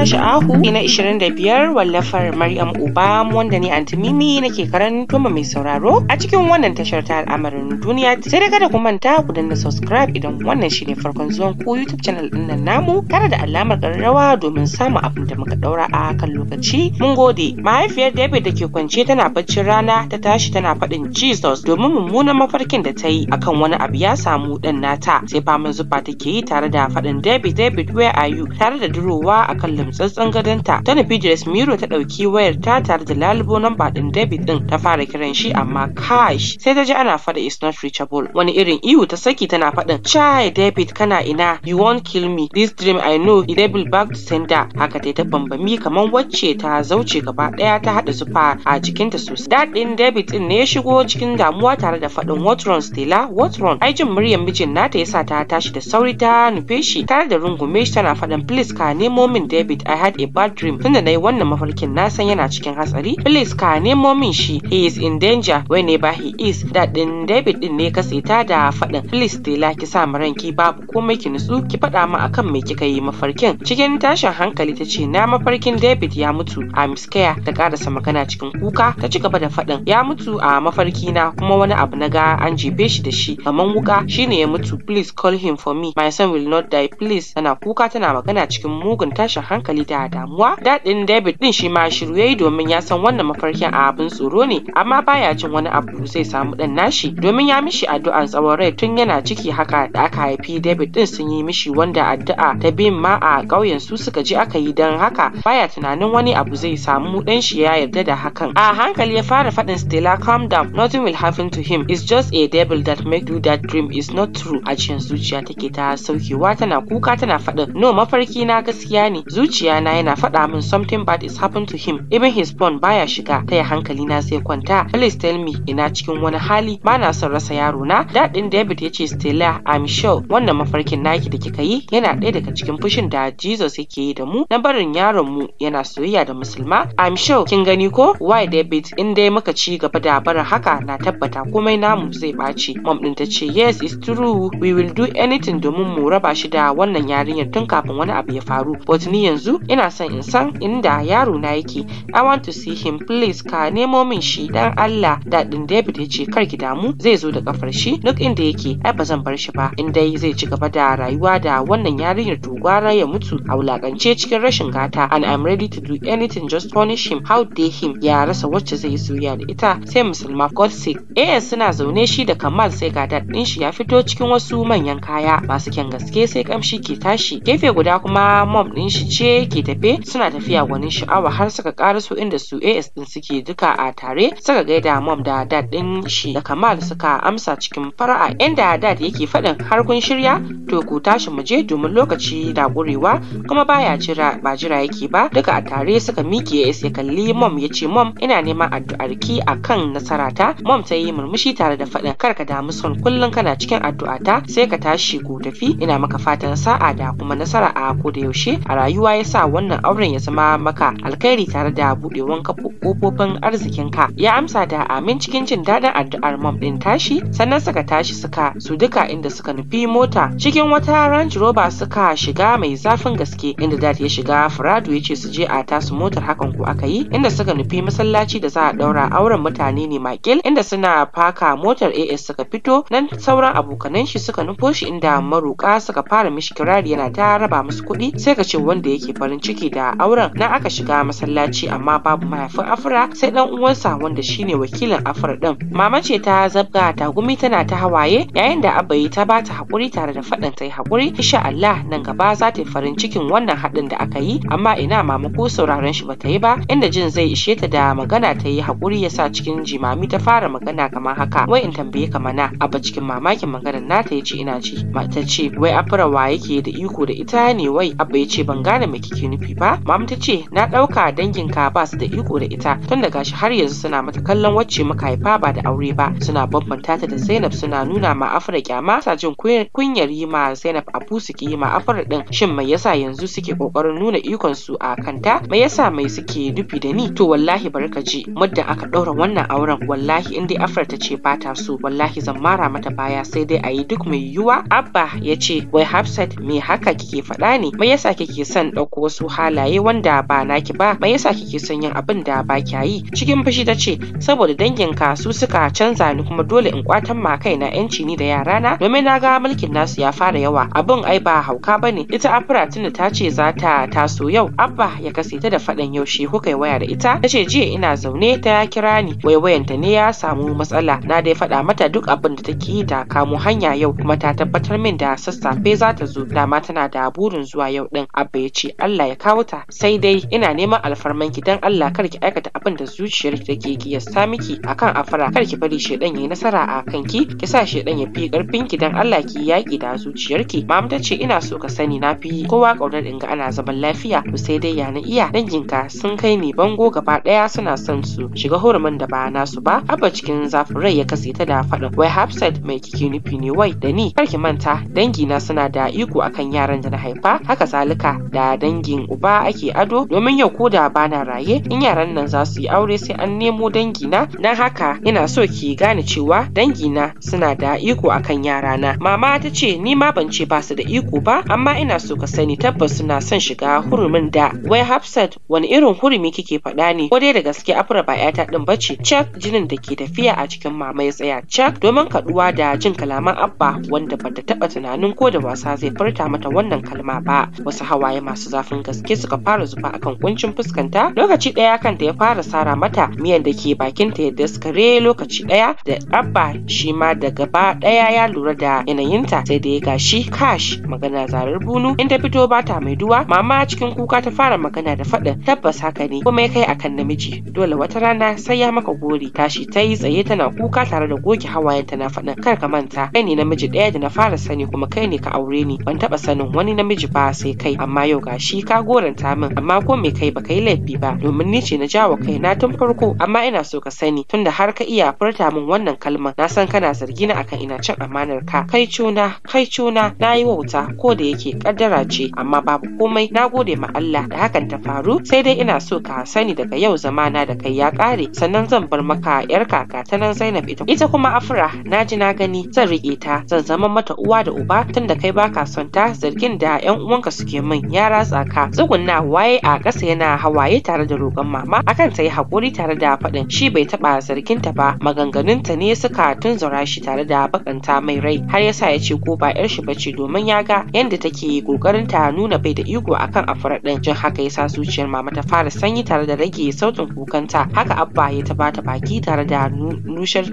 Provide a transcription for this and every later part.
kashe ahu na 25 wallafar Maryam Uba wanda ni Antimimi nake karanto ma mai sauraro a cikin wannan tashar ta al'amarin duniya sai dai kada ku manta ku danna subscribe idan wannan shine farkon zuwan ku YouTube channel din nan namu tare da alamar karrawa domin samun abin da muka daura a kan lokaci mun gode mahaifiyar David da ke kwance tana baccin rana ta tashi tana faɗin Jesus domin mummunan mafarkin da ta yi akan wani abu ya samu dan nata sai faman zuba take yi tare da faɗin David David where are you tare da durowa akan rumtsatsen gadon ta nufi miro ta ɗauki wayar ta tare da lalubo namba ɗin David ɗin ta fara kiran shi amma kash sai ta ji ana faɗa is not reachable wani irin ihu ta saki tana faɗin chai David kana ina you won't kill me this dream I know the devil back to sender haka ta ta bambami kamar wacce ta zauce gaba ɗaya ta haɗa zufa a jikinta sosai daɗin David ɗin ne ya shigo cikin damuwa tare da faɗin what runs Stella what run ai jin muryar mijin nata yasa ta tashi da sauri ta nufe shi tare da rungume shi tana faɗin please ka nemo min David night I had a bad dream tunda na yi wannan mafarkin na san yana cikin hatsari please ka nemo min shi he is in danger whenever he is daɗin David din ne ka ta da faɗin please Stella ki sa mu ranki babu komai ki nutsu ki faɗa ma akan me kika yi mafarkin cikin tashin hankali ta ce na mafarkin David ya mutu a miskaya ta karasa magana cikin kuka ta ci gaba da faɗin ya mutu a mafarki na kuma wani abu na ga an jefe shi da shi kaman wuka shine ya mutu please call him for me my son will not die please tana kuka tana magana cikin mugun tashin hankali hankali da damuwa daɗin david din shi ma shiru yayi domin ya san wannan mafarkin a abin tsoro ne amma baya jin wani abu zai samu ɗan nashi domin ya mishi addu'an tsawon rai tun yana ciki haka da aka haifi david din sun yi mishi wanda addu'a ta bin ma a ƙauyen su suka ji aka yi dan haka baya tunanin wani abu zai samu dan shi ya yarda da hakan a hankali ya fara faɗin stella calm down nothing will happen to him it's just a devil that make you that dream is not true a cikin zuciya take ta saukewa tana kuka tana faɗin no mafarki na gaskiya ne zuciya zuciya na yana faɗa min something bad is happened to him even his phone baya shiga taya hankali na sai kwanta please tell me ina cikin wani hali ba na son rasa yaro na dadin David ya ce Stella I'm sure wannan mafarkin naki da kika yi yana ɗaya daga cikin fushin da Jesus yake yi da mu na barin yaron mu yana soyayya da musulma I'm sure kin gani ko why David in dai muka ci gaba da barin haka na tabbata komai namu zai ɓaci mom din ta ce yes it's true we will do anything domin mu raba shi da wannan yarinyar tun kafin wani abu ya faru but ni yanzu yanzu ina son in san inda yaro na yake I want to see him please ka nemo min shi dan Allah daɗin David ya ce kar ki damu zai zo da kafar shi duk inda yake ai ba zan bar shi ba in dai zai ci gaba da rayuwa da wannan yarinyar to ya mutu a wulakance cikin rashin gata and I'm ready to do anything just punish him how dare him ya rasa wacce zai ya da ita sai musulma God sake AS eh, suna zaune shi da Kamal sai ga daɗin shi ya fito cikin wasu manyan kaya masu kyan gaske sai kamshi ke tashi gefe guda kuma mom ɗin shi ce yake tafe suna tafiya gwanin sha'awa har suka karaso inda su AS ɗin suke duka a tare suka gaida mom da dad din shi da Kamal suka amsa cikin fara'a inda dad yake faɗin har kun shirya to ku tashi mu je domin lokaci da ƙurewa kuma baya jira ba jira yake ba duka a tare suka miƙe AS ya kalli mom ya ce mom ina neman addu'arki akan ta. mom ta yi murmushi tare da faɗin kar ka damu son kullum kana cikin addu'ata sai ka tashi ku tafi ina maka fatan sa'a da kuma nasara a koda yaushe a rayuwa ya sa wannan auren ya zama maka alkhairi tare da buɗewan kofofin ka ya amsa da amin cikin jin daɗin addu'ar mom ɗin tashi sannan suka tashi suka su duka inda suka nufi mota cikin wata range rover suka shiga mai zafin gaske inda dad ya shiga Faradu ya ce su je a tasu motar hakan ko aka yi inda suka nufi masallaci da za a ɗaura auren mutane ne makil inda suna faka motar AS suka fito nan sauran abokanan shi suka nufo shi inda maruka suka fara mishi kirari yana ta raba musu kuɗi sai ka ce wanda yake farin ciki da auren na aka shiga masallaci amma babu mahaifin afra sai dan uwansa wanda shine wakilin afra din mama ce ta zabga tagumi tana ta hawaye yayin da abayi ta bata hakuri tare da faɗin ta yi hakuri insha Allah nan gaba za ta yi farin cikin wannan hadin da aka yi amma ina mama ko sauraron shi bata yi ba inda jin zai ishe ta da magana ta yi hakuri yasa cikin jimami ta fara magana kamar haka wai in tambaye ka mana abba cikin mamakin maganar nata ya ce ina ji ta ce wai afra wa yake da iko da ita ne wai abba ya ce ban gane me kike nufi ba mam ta ce na ɗauka danginka ba su da iko da ita tun da gashi har yanzu suna mata kallon wacce muka haifa ba da aure ba suna bambanta ta da zainab suna nuna ma afra kyama sa jin kunyar yi ma zainab abu suke yi ma afra din shin mai yasa yanzu suke kokarin nuna ikon su a kanta Me yasa mai suke nufi da ni to wallahi ka ji muddin aka ɗaura wannan auren wallahi in dai afra ta ce ba ta so wallahi zan mara mata baya sai dai ayi duk mai yiwuwa abba ya ce wai hafsat me haka kike faɗa ne Me yasa kike son ɗauka ku wasu halaye wanda ba naki ba me yasa kike son yin abin da ba kya yi cikin fushi ta ce saboda danginka su suka canza ni kuma dole in kwatan ma kaina yanci ni da yarana domin na ga mulkin nasu ya fara yawa abin ai ba hauka bane ita afra tunda ta ce za ta taso yau abba ya kase ta da faɗan yaushe kuka yi waya da ita ta ce jiya ina zaune ta ya kira ni waiwayanta ne ya samu matsala na dai faɗa mata duk abin da take ta kamo hanya yau kuma ta tabbatar min da sassafe za ta zo dama tana da burin zuwa yau din abba ya ce Allah ya kawo ta sai dai ina neman alfarmanki dan Allah kar ki aikata abin da zuciyar ki take kiyasta miki akan afara kar ki bari shedan yayi nasara a kanki ki sa shedan ya fi karfin ki dan Allah ki yaki da zuciyarki. ki mam ta ce ina so ka sani na fi kowa kaunar in ga ana zaman lafiya to sai dai ya na iya danginka sun kai ni bango gaba daya suna son su shiga hurumin da ba nasu ba abba cikin zafin rai ya kase ta da faɗa wai Hafsat mai kike nufi ne wai da ni kar ki manta dangina suna da iko akan yaran da na haifa haka Salika da dangin uba ake ado domin yau ko da bana raye in yaran nan za su yi aure sai an nemo dangi na. Na haka ina so ki gane cewa dangi na suna da iko akan yarana mama ta ce ni ma ban ce ba su da iko ba amma ina so ka sani tabbas suna son shiga hurumin da wai Hafsat wani irin hurumi kike faɗa ne ko dai da gaske afra ba yata din bace cak jinin da ke tafiya a cikin mama ya tsaya cak domin kaduwa da jin kalaman abba wanda bata taba tunanin ko da wasa zai furta mata wannan kalma ba wasu hawaye masu za zafin gaske suka fara zuba akan kuncin fuskanta lokaci ɗaya kanta ya fara sara mata miyan da ke bakinta ya daskare lokaci ɗaya da abba shi ma da gaba daya ya lura da yanayinta sai da ya gashi kash magana zarar bunu in ta fito ba ta mai duwa mama cikin kuka ta fara magana da faɗin tabbas haka ne kuma kai akan namiji dole wata rana sai ya maka gori tashi ta yi tsaye tana kuka tare da goge hawayen na faɗin kar ka manta kai ne namiji ɗaya da na fara sani kuma kai ne ka aure ni ban taɓa sanin wani namiji ba sai kai amma yau gashi shi ka goranta min amma ko me kai baka yi laifi ba domin ni ce na jawo na tun farko amma ina so ka sani tunda har ka iya furta min wannan kalma na san kana zargi na akan ina cin amanar ka kai cuna kai cuna na yi wauta ko da yake kaddara ce amma babu komai na gode ma Allah da hakan ta faru sai dai ina so ka sani daga yau zamana da kai ya kare sannan zan bar maka yar kaka ta nan Zainab ita ita kuma Afra na ji na gani zan rike ta zan zama mata uwa da uba tunda kai baka son ta zargin da yan uwanka suke min ya ratsa maka tsuguna waye a kasa yana hawaye tare da roƙon mama akan ta yi haƙuri tare da faɗin shi bai taɓa ta ba maganganunta ne suka tunzura shi tare da bakanta mai rai har yasa ya ce ko ba 'yar shi bace domin ya ga yadda take ƙoƙarin ta nuna bai da iko akan afra ɗin jin haka yasa zuciyar mama ta fara sanyi tare da rage sautin kukanta haka abba ya ta bata baki tare da nushar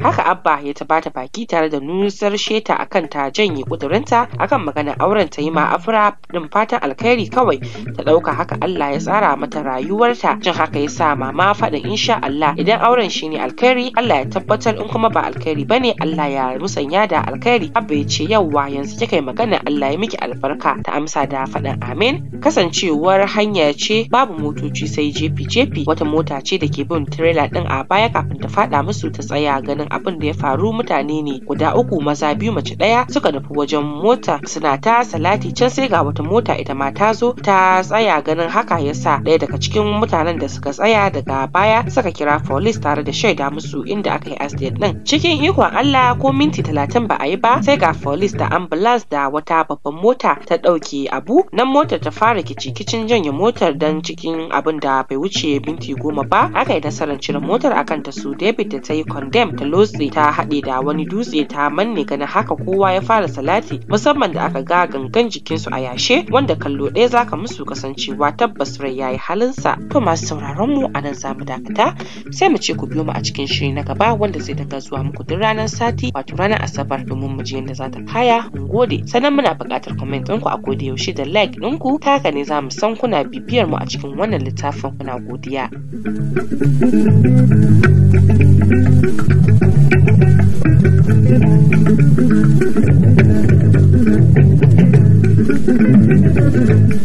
haka abba ya ta baki tare da nusar sheta akan ta janye ƙudurinta? akan maganar auren ta yi ma afra din fatan alkhairi kawai ta ɗauka haka Allah ya tsara mata rayuwarta jin haka ya sa mama faɗin insha Allah idan auren shi ne alkhairi Allah ya tabbatar in kuma ba alkhairi bane Allah ya musanya da alkhairi abba ya ce yawwa yanzu kika yi magana Allah ya miki albarka ta amsa da faɗin amin kasancewar hanya ce babu motoci sai jefi jefi wata mota ce da ke bin tirela din a baya kafin ta faɗa musu ta tsaya ganin abin da ya faru mutane ne guda uku maza biyu mace ɗaya suka nufi wajen mota suna ta salati can sai ga wata mota ita mata ta zo ta tsaya ganin haka yasa ɗaya daga cikin mutanen da suka tsaya daga baya suka kira police tare da shaida musu inda aka yi accident din cikin ikon Allah ko minti talatin ba a yi ba sai ga police da ambulance da wata babban mota ta ɗauke abu nan motar ta fara kicin janye motar don cikin abin da bai wuce minti goma ba aka yi nasarar cire motar a kanta su David da ta yi condemn ta lotse ta haɗe da wani dutse ta manne ganin haka kowa ya fara salati musamman da aka ga gangan jikinsu a yashe wanda kallo ɗaya za ka musu kasancewa tabbas rai yayi halinsa to masu sauraron mu a nan zamu dakata sai mu ce ku biyo mu a cikin shiri na gaba wanda zai daga zuwa muku duk ranar sati wato ranar asabar domin mu je yadda za ta kaya mun gode sannan muna buƙatar comment ɗinku a koda yaushe da like ɗinku ta haka ne za mu san kuna bibiyar mu a cikin wannan littafin kuna godiya. Mm-hmm.